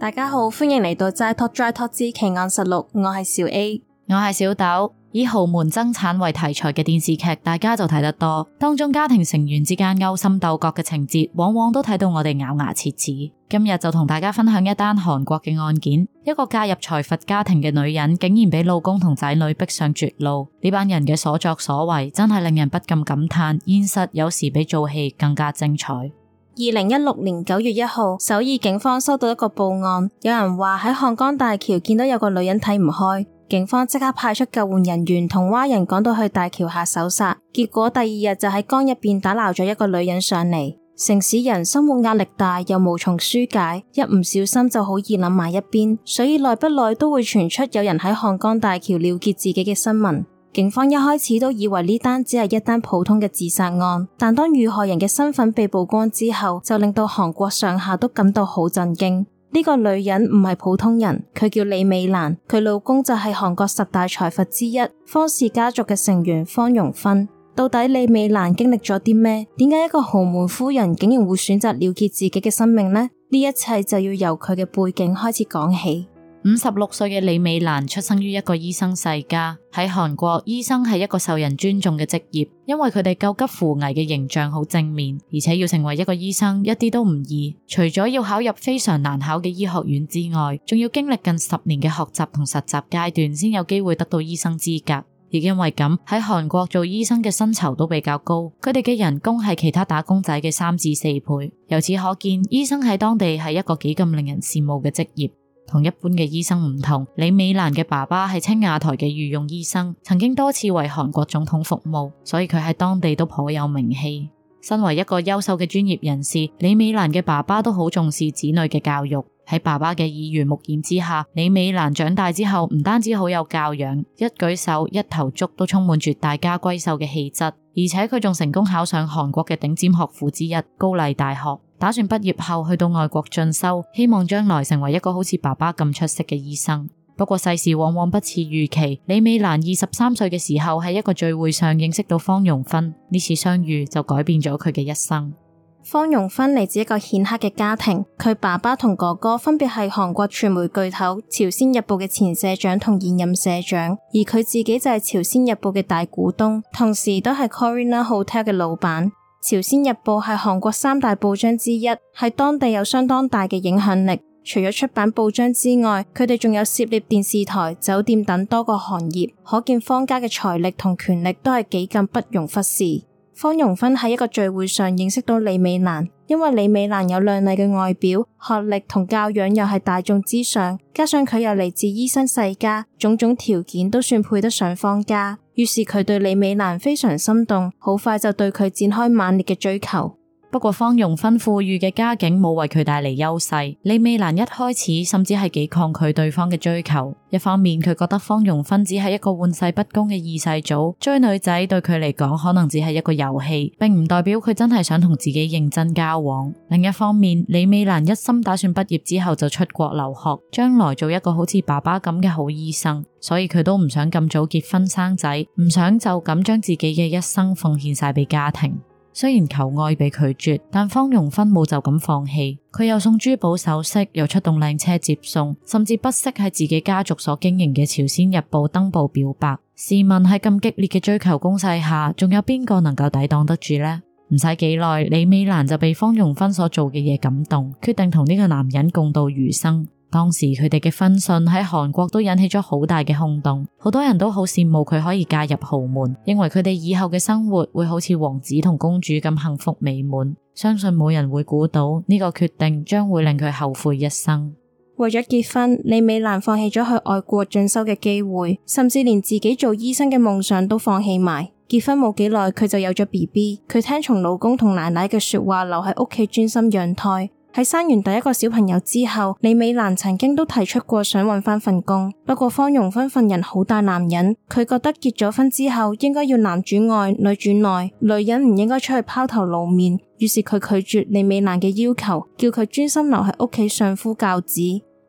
大家好，歡迎嚟到《齋 talk drytalk 之奇案實錄》，我係小 A，我係小豆。以豪門爭產為題材嘅電視劇，大家就睇得多。當中家庭成員之間勾心鬥角嘅情節，往往都睇到我哋咬牙切齒，齒。今日就同大家分享一單韓國嘅案件，一個嫁入財閥家庭嘅女人，竟然俾老公同仔女逼上絕路。呢班人嘅所作所為，真係令人不禁感嘆，現實有時比做戲更加精彩。二零一六年九月一號，首爾警方收到一個報案，有人話喺漢江大橋見到有個女人睇唔開，警方即刻派出救援人員同蛙人趕到去大橋下搜索，結果第二日就喺江入邊打撈咗一個女人上嚟。城市人生活壓力大，又無從紓解，一唔小心就好易諗埋一邊，所以耐不耐都會傳出有人喺漢江大橋了結自己嘅新聞。警方一開始都以為呢單只係一單普通嘅自殺案，但當遇害人嘅身份被曝光之後，就令到韓國上下都感到好震驚。呢、這個女人唔係普通人，佢叫李美蘭，佢老公就係韓國十大財閥之一方氏家族嘅成員方容勛，到底李美蘭經歷咗啲咩？點解一個豪門夫人竟然會選擇了結自己嘅生命呢？呢一切就要由佢嘅背景開始講起。五十六歲嘅李美蘭出生於一個醫生世家，喺韓國，醫生係一個受人尊重嘅職業，因為佢哋救急扶危嘅形象好正面，而且要成為一個醫生一啲都唔易。除咗要考入非常難考嘅醫學院之外，仲要經歷近十年嘅學習同實習階段，先有機會得到醫生資格。亦因為咁，喺韓國做醫生嘅薪酬都比較高，佢哋嘅人工係其他打工仔嘅三至四倍。由此可見，醫生喺當地係一個幾咁令人羨慕嘅職業。同一般嘅醫生唔同，李美蘭嘅爸爸係青瓦台嘅御用醫生，曾經多次為韓國總統服務，所以佢喺當地都頗有名氣。身為一個優秀嘅專業人士，李美蘭嘅爸爸都好重視子女嘅教育。喺爸爸嘅耳濡目染之下，李美蘭長大之後唔單止好有教養，一舉手一投足都充滿住大家閨秀嘅氣質，而且佢仲成功考上韓國嘅頂尖學府之一高麗大學。打算畢業後去到外國進修，希望將來成為一個好似爸爸咁出色嘅醫生。不過世事往往不似預期，李美蘭二十三歲嘅時候喺一個聚會上認識到方容勛，呢次相遇就改變咗佢嘅一生。方容勛嚟自一個顯赫嘅家庭，佢爸爸同哥哥分別係韓國傳媒巨頭朝鮮日報嘅前社長同現任社長，而佢自己就係朝鮮日報嘅大股東，同時都係 Corina Hotel 嘅老闆。朝鮮日報係韓國三大報章之一，喺當地有相當大嘅影響力。除咗出版報章之外，佢哋仲有涉獵電視台、酒店等多個行業，可見方家嘅財力同權力都係幾咁不容忽視。方容勛喺一個聚會上認識到李美蘭，因為李美蘭有靚麗嘅外表、學歷同教養又係大眾之上，加上佢又嚟自醫生世家，種種條件都算配得上方家。於是佢對李美蘭非常心動，好快就對佢展開猛烈嘅追求。不過方容勛富裕嘅家境冇為佢帶嚟優勢，李美蘭一開始甚至係幾抗拒對方嘅追求。一方面佢覺得方容勛只係一個玩世不恭嘅二世祖，追女仔對佢嚟講可能只係一個遊戲，並唔代表佢真係想同自己認真交往。另一方面，李美蘭一心打算畢業之後就出國留學，將來做一個好似爸爸咁嘅好醫生，所以佢都唔想咁早結婚生仔，唔想就咁將自己嘅一生奉獻晒俾家庭。雖然求愛被拒絕，但方容勛冇就咁放棄，佢又送珠寶首飾，又出動靚車接送，甚至不惜喺自己家族所經營嘅朝鮮日報登報表白。試問喺咁激烈嘅追求攻勢下，仲有邊個能夠抵擋得住呢？唔使幾耐，李美蘭就被方容勛所做嘅嘢感動，決定同呢個男人共度餘生。當時佢哋嘅婚訊喺韓國都引起咗好大嘅轟動，好多人都好羨慕佢可以嫁入豪門，認為佢哋以後嘅生活會好似王子同公主咁幸福美滿。相信冇人會估到呢個決定將會令佢後悔一生。為咗結婚，李美蘭放棄咗去外國進修嘅機會，甚至連自己做醫生嘅夢想都放棄埋。結婚冇幾耐，佢就有咗 BB，佢聽從老公同奶奶嘅說話，留喺屋企專心養胎。喺生完第一個小朋友之後，李美蘭曾經都提出過想搵翻份工，不過方容勛份人好大男人，佢覺得結咗婚之後應該要男主外女主內，女人唔應該出去拋頭露面，於是佢拒絕李美蘭嘅要求，叫佢專心留喺屋企相夫教子。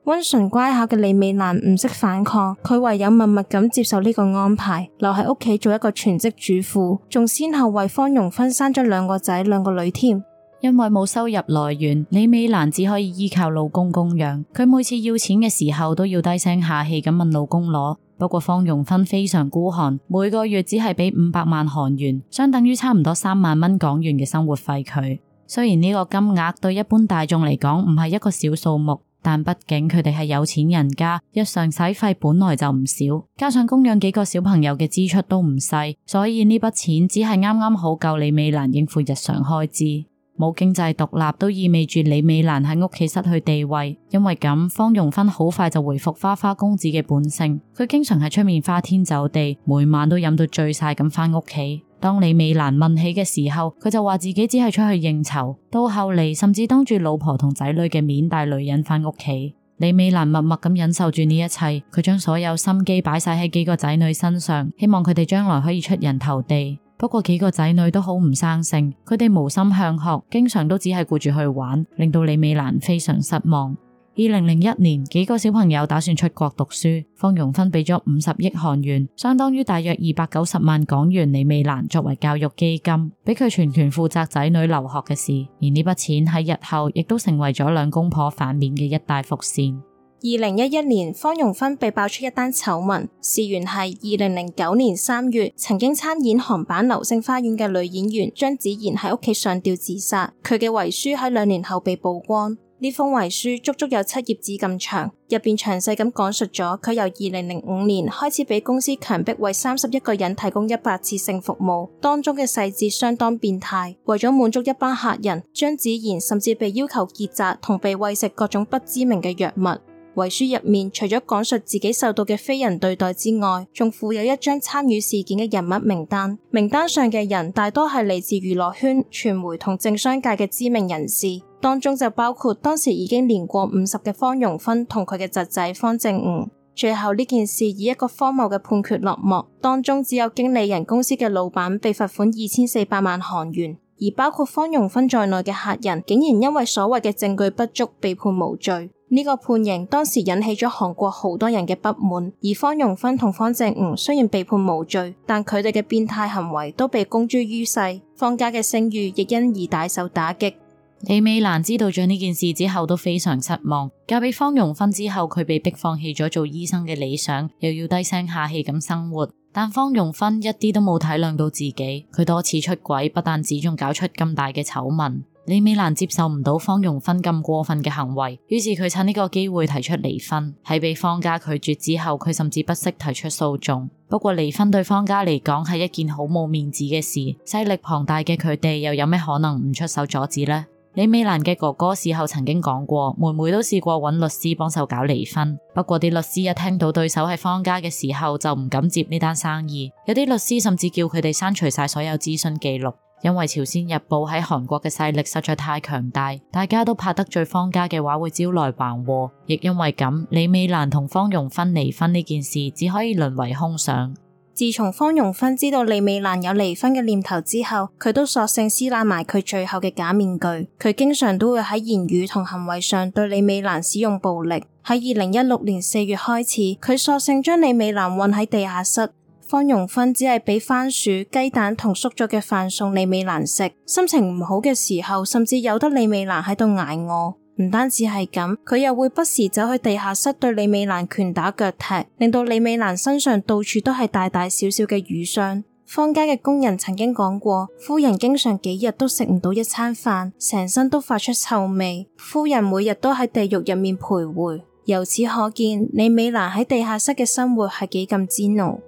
溫順乖巧嘅李美蘭唔識反抗，佢唯有默默咁接受呢個安排，留喺屋企做一個全職主婦，仲先後為方容勛生咗兩個仔兩個女添。因為冇收入來源，李美蘭只可以依靠老公供養。佢每次要錢嘅時候都要低聲下氣咁問老公攞。不過方容勛非常孤寒，每個月只係俾五百萬韓元，相等於差唔多三萬蚊港元嘅生活費。佢雖然呢個金額對一般大眾嚟講唔係一個小數目，但畢竟佢哋係有錢人家，日常使費本來就唔少，加上供養幾個小朋友嘅支出都唔細，所以呢筆錢只係啱啱好夠李美蘭應付日常開支。冇經濟獨立都意味住李美蘭喺屋企失去地位，因為咁方容勛好快就回復花花公子嘅本性，佢經常喺出面花天酒地，每晚都飲到醉晒咁翻屋企。當李美蘭問起嘅時候，佢就話自己只係出去應酬，到後嚟甚至當住老婆同仔女嘅面帶女人翻屋企。李美蘭默默咁忍受住呢一切，佢將所有心機擺晒喺幾個仔女身上，希望佢哋將來可以出人頭地。不過幾個仔女都好唔生性，佢哋無心向學，經常都只係顧住去玩，令到李美蘭非常失望。二零零一年，幾個小朋友打算出國讀書，方容勛俾咗五十億韓元，相當於大約二百九十萬港元，李美蘭作為教育基金，俾佢全權負責仔女留學嘅事，而呢筆錢喺日後亦都成為咗兩公婆反面嘅一大伏線。二零一一年，方容勛被爆出一單醜聞，事源係二零零九年三月，曾經參演韓版《流星花園》嘅女演員張紫妍喺屋企上吊自殺。佢嘅遺書喺兩年後被曝光，呢封遺書足足有七頁紙咁長，入邊詳細咁講述咗佢由二零零五年開始俾公司強迫為三十一個人提供一百次性服務，當中嘅細節相當變態。為咗滿足一班客人，張紫妍甚至被要求結紮，同被餵食各種不知名嘅藥物。遺書入面除咗講述自己受到嘅非人對待之外，仲附有一張參與事件嘅人物名單。名單上嘅人大多係嚟自娛樂圈、傳媒同政商界嘅知名人士，當中就包括當時已經年過五十嘅方容勛同佢嘅侄仔方正吾。最後呢件事以一個荒謬嘅判決落幕，當中只有經理人公司嘅老闆被罰款二千四百萬韓元，而包括方容勛在內嘅客人竟然因為所謂嘅證據不足被判無罪。呢個判刑當時引起咗韓國好多人嘅不滿，而方容勛同方正梧雖然被判無罪，但佢哋嘅變態行為都被公諸於世，方家嘅聲譽亦因而大受打擊。李美蘭知道咗呢件事之後都非常失望。嫁俾方容勛之後，佢被迫放棄咗做醫生嘅理想，又要低聲下氣咁生活。但方容勛一啲都冇體諒到自己，佢多次出軌，不但始終搞出咁大嘅醜聞。李美蘭接受唔到方容勛咁過分嘅行為，於是佢趁呢個機會提出離婚。喺被方家拒絕之後，佢甚至不惜提出訴訟。不過離婚對方家嚟講係一件好冇面子嘅事，勢力龐大嘅佢哋又有咩可能唔出手阻止呢？李美蘭嘅哥哥事後曾經講過，妹妹都試過搵律師幫手搞離婚，不過啲律師一聽到對手係方家嘅時候就唔敢接呢單生意，有啲律師甚至叫佢哋刪除晒所有諮詢記錄。因為朝鮮日報喺韓國嘅勢力實在太強大，大家都怕得罪方家嘅話會招來橫禍，亦因為咁，李美蘭同方容勛離婚呢件事只可以淪為空想。自從方容勛知道李美蘭有離婚嘅念頭之後，佢都索性撕爛埋佢最後嘅假面具。佢經常都會喺言語同行為上對李美蘭使用暴力。喺二零一六年四月開始，佢索性將李美蘭困喺地下室。方容勛只係俾番薯、雞蛋同縮咗嘅飯餸李美蘭食，心情唔好嘅時候，甚至有得李美蘭喺度挨餓。唔單止係咁，佢又會不時走去地下室對李美蘭拳打腳踢，令到李美蘭身上到處都係大大小小嘅瘀傷。方家嘅工人曾經講過，夫人經常幾日都食唔到一餐飯，成身都發出臭味。夫人每日都喺地獄入面徘徊，由此可見李美蘭喺地下室嘅生活係幾咁煎熬。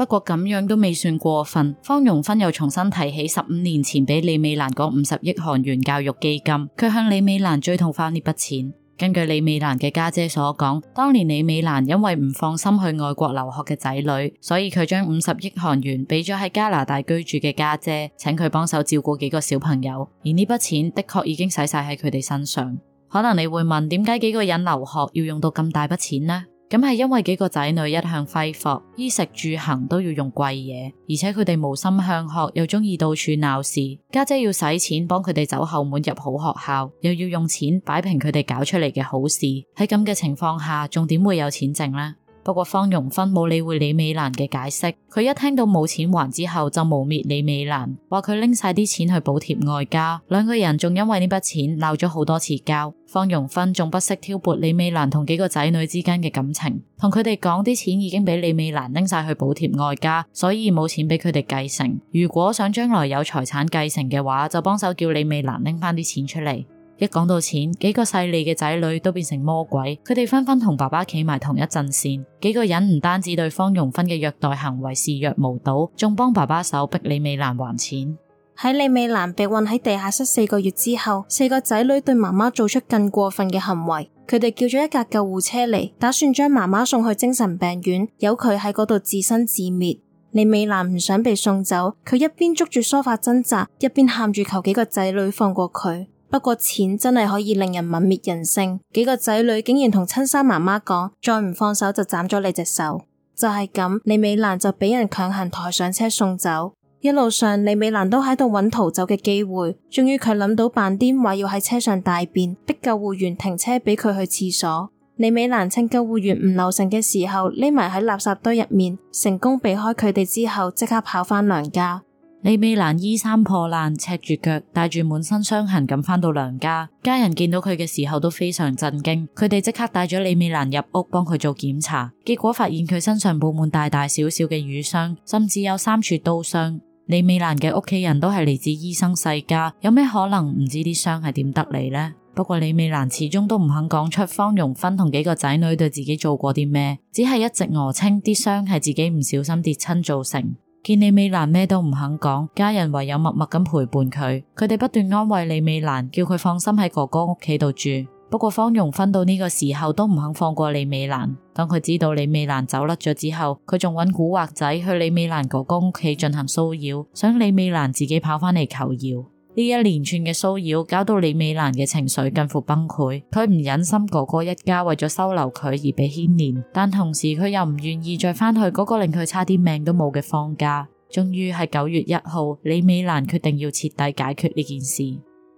不過咁樣都未算過分，方容勛又重新提起十五年前俾李美蘭嘅五十億韓元教育基金，佢向李美蘭追討翻呢筆錢。根據李美蘭嘅家姐所講，當年李美蘭因為唔放心去外國留學嘅仔女，所以佢將五十億韓元俾咗喺加拿大居住嘅家姐，請佢幫手照顧幾個小朋友。而呢筆錢的確已經使晒喺佢哋身上。可能你會問，點解幾個人留學要用到咁大筆錢呢？咁係因為幾個仔女一向揮霍，衣食住行都要用貴嘢，而且佢哋無心向學，又中意到處鬧事。家姐要使錢幫佢哋走後門入好學校，又要用錢擺平佢哋搞出嚟嘅好事。喺咁嘅情況下，仲點會有錢剩咧？不過方容勛冇理會李美蘭嘅解釋，佢一聽到冇錢還之後就污蔑李美蘭，話佢拎晒啲錢去補貼外家，兩個人仲因為呢筆錢鬧咗好多次交。方容勛仲不惜挑撥李美蘭同幾個仔女之間嘅感情，同佢哋講啲錢已經俾李美蘭拎晒去補貼外家，所以冇錢俾佢哋繼承。如果想將來有財產繼承嘅話，就幫手叫李美蘭拎返啲錢出嚟。一講到錢，幾個勢利嘅仔女都變成魔鬼，佢哋紛紛同爸爸企埋同一陣綫。幾個人唔單止對方容勛嘅虐待行為視若無睹，仲幫爸爸手逼李美蘭還錢。喺李美蘭被困喺地下室四個月之後，四個仔女對媽媽做出更過分嘅行為。佢哋叫咗一架救護車嚟，打算將媽媽送去精神病院，由佢喺嗰度自生自滅。李美蘭唔想被送走，佢一邊捉住梳化掙扎，一邊喊住求幾個仔女放過佢。不過錢真係可以令人泯滅人性，幾個仔女竟然同親生媽媽講，再唔放手就斬咗你隻手。就係咁，李美蘭就俾人強行抬上車送走。一路上，李美蘭都喺度揾逃走嘅機會，終於佢諗到扮癲，話要喺車上大便，逼救護員停車俾佢去廁所。李美蘭趁救護員唔留神嘅時候，匿埋喺垃圾堆入面，成功避開佢哋之後，即刻跑返娘家。李美蘭衣衫破爛，赤住腳，帶住滿身傷痕咁返到娘家。家人見到佢嘅時候都非常震驚，佢哋即刻帶咗李美蘭入屋幫佢做檢查，結果發現佢身上布滿大大小小嘅瘀傷，甚至有三處刀傷。李美蘭嘅屋企人都係嚟自醫生世家，有咩可能唔知啲傷係點得嚟呢？不過李美蘭始終都唔肯講出方容勛同幾個仔女對自己做過啲咩，只係一直訛稱啲傷係自己唔小心跌親造成。見李美蘭咩都唔肯講，家人唯有默默咁陪伴佢。佢哋不斷安慰李美蘭，叫佢放心喺哥哥屋企度住。不過方容勛到呢個時候都唔肯放過李美蘭。當佢知道李美蘭走甩咗之後，佢仲揾古惑仔去李美蘭哥哥屋企進行騷擾，想李美蘭自己跑返嚟求饒。呢一連串嘅騷擾，搞到李美蘭嘅情緒近乎崩潰。佢唔忍心哥哥一家為咗收留佢而被牽連，但同時佢又唔願意再返去嗰個令佢差啲命都冇嘅方家。終於係九月一號，李美蘭決定要徹底解決呢件事。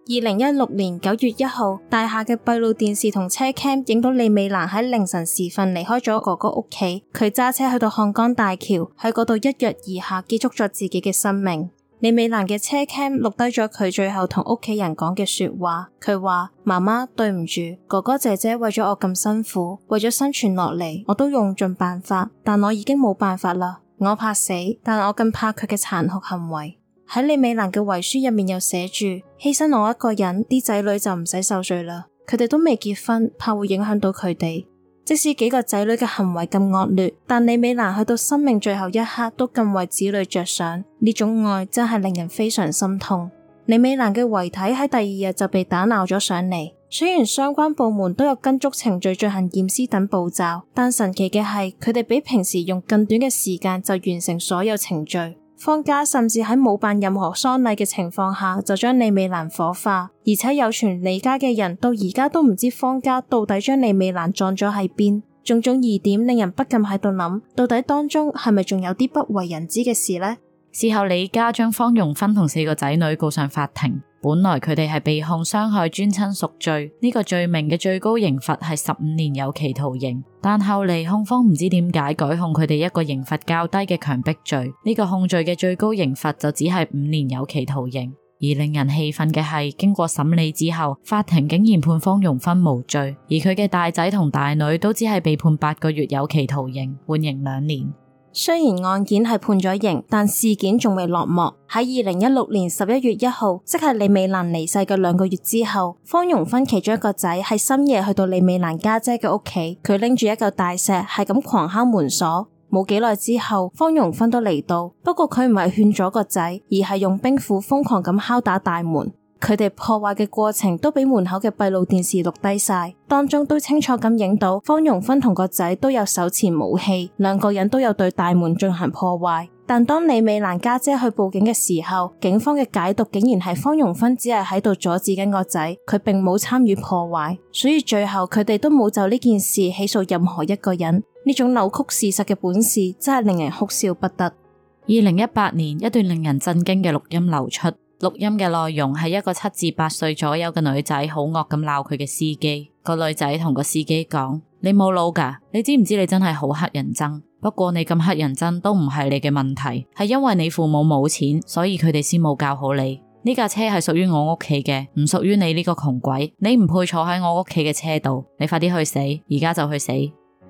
二零一六年九月一號，大廈嘅閉路電視同車 cam 影到李美蘭喺凌晨時分離開咗哥哥屋企，佢揸車去到漢江大橋，喺嗰度一躍而下，結束咗自己嘅生命。李美蘭嘅車 cam 錄低咗佢最後同屋企人講嘅說話，佢話：媽媽對唔住，哥哥姐姐為咗我咁辛苦，為咗生存落嚟，我都用盡辦法，但我已經冇辦法啦。我怕死，但我更怕佢嘅殘酷行為。喺李美蘭嘅遺書入面又寫住：犧牲我一個人，啲仔女就唔使受罪啦。佢哋都未結婚，怕會影響到佢哋。即使幾個仔女嘅行為咁惡劣，但李美蘭去到生命最後一刻都更為子女着想，呢種愛真係令人非常心痛。李美蘭嘅遺體喺第二日就被打撈咗上嚟，雖然相關部門都有跟足程序進行驗屍等步驟，但神奇嘅係佢哋比平時用更短嘅時間就完成所有程序。方家甚至喺冇辦任何喪禮嘅情況下，就將李美蘭火化，而且有傳李家嘅人到而家都唔知方家到底將李美蘭葬咗喺邊。種種疑點令人不禁喺度諗，到底當中係咪仲有啲不為人知嘅事呢？事後李家將方容勛同四個仔女告上法庭。本來佢哋係被控傷害尊親屬罪呢、這個罪名嘅最高刑罰係十五年有期徒刑，但後嚟控方唔知點解改控佢哋一個刑罰較低嘅強迫罪，呢、這個控罪嘅最高刑罰就只係五年有期徒刑。而令人氣憤嘅係，經過審理之後，法庭竟然判方容勛無罪，而佢嘅大仔同大女都只係被判八個月有期徒刑，緩刑兩年。雖然案件係判咗刑，但事件仲未落幕。喺二零一六年十一月一號，即係李美蘭離世嘅兩個月之後，方容勛其中一個仔喺深夜去到李美蘭姐姐家姐嘅屋企，佢拎住一嚿大石，係咁狂敲門鎖。冇幾耐之後，方容勛都嚟到，不過佢唔係勸阻個仔，而係用冰斧瘋狂咁敲打大門。佢哋破壞嘅過程都俾門口嘅閉路電視錄低晒，當中都清楚咁影到方容勛同個仔都有手持武器，兩個人都有對大門進行破壞。但當李美蘭家姐去報警嘅時候，警方嘅解讀竟然係方容勛只係喺度阻止緊個仔，佢並冇參與破壞。所以最後佢哋都冇就呢件事起訴任何一個人。呢種扭曲事實嘅本事真係令人哭笑不得。二零一八年，一段令人震驚嘅錄音流出。錄音嘅內容係一個七至八歲左右嘅女仔好惡咁鬧佢嘅司機。個女仔同個司機講：你冇腦㗎？你知唔知你真係好黑人憎？不過你咁黑人憎都唔係你嘅問題，係因為你父母冇錢，所以佢哋先冇教好你。呢架車係屬於我屋企嘅，唔屬於你呢個窮鬼，你唔配坐喺我屋企嘅車度，你快啲去死！而家就去死！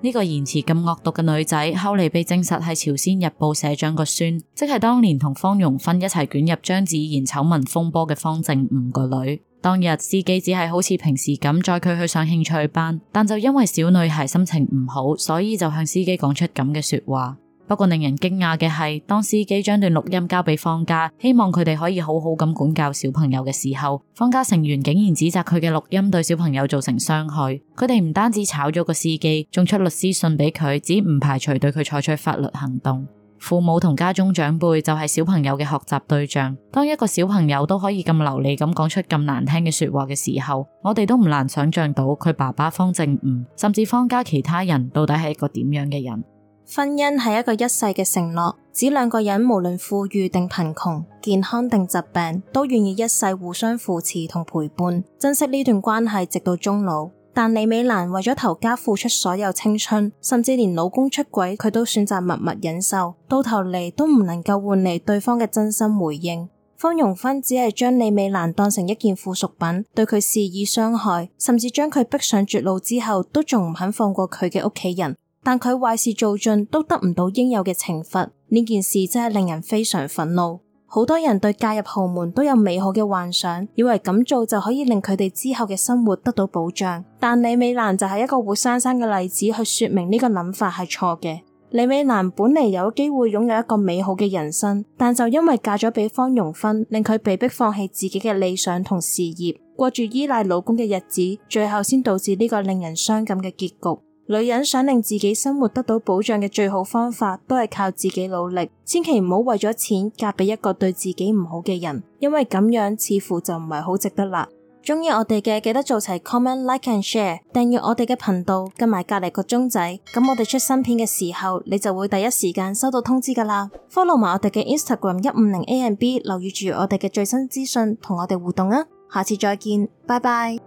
呢個言辭咁惡毒嘅女仔，後來被證實係朝鮮日報社長個孫，即係當年同方容勛一齊捲入張子妍醜聞風波嘅方正五個女。當日，司機只係好似平時咁載佢去上興趣班，但就因為小女孩心情唔好，所以就向司機講出咁嘅說話。不過令人驚訝嘅係，當司機將段錄音交俾方家，希望佢哋可以好好咁管教小朋友嘅時候，方家成員竟然指責佢嘅錄音對小朋友造成傷害。佢哋唔單止炒咗個司機，仲出律師信俾佢，只唔排除對佢採取法律行動。父母同家中長輩就係小朋友嘅學習對象。當一個小朋友都可以咁流利咁講出咁難聽嘅說話嘅時候，我哋都唔難想象到佢爸爸方正悟，甚至方家其他人到底係一個點樣嘅人。婚姻係一個一世嘅承諾，指兩個人無論富裕定貧窮、健康定疾病，都願意一世互相扶持同陪伴，珍惜呢段關係直到終老。但李美蘭為咗頭家付出所有青春，甚至連老公出軌佢都選擇默默忍受，到頭嚟都唔能夠換嚟對方嘅真心回應。方容勛只係將李美蘭當成一件附屬品，對佢肆意傷害，甚至將佢逼上絕路之後，都仲唔肯放過佢嘅屋企人。但佢壞事做盡都得唔到應有嘅懲罰，呢件事真係令人非常憤怒。好多人對嫁入豪門都有美好嘅幻想，以為咁做就可以令佢哋之後嘅生活得到保障。但李美蘭就係一個活生生嘅例子去說明呢個諗法係錯嘅。李美蘭本嚟有機會擁有一個美好嘅人生，但就因為嫁咗俾方容勛，令佢被迫放棄自己嘅理想同事業，過住依賴老公嘅日子，最後先導致呢個令人傷感嘅結局。女人想令自己生活得到保障嘅最好方法，都係靠自己努力，千祈唔好為咗錢嫁俾一個對自己唔好嘅人，因為咁樣似乎就唔係好值得啦。中意我哋嘅記得做齊 comment、like and share，訂閱我哋嘅頻道，跟埋隔籬個鐘仔，咁我哋出新片嘅時候，你就會第一時間收到通知噶啦。Follow 埋我哋嘅 Instagram 一五零 AMB，留意住我哋嘅最新資訊，同我哋互動啊！下次再見，拜拜。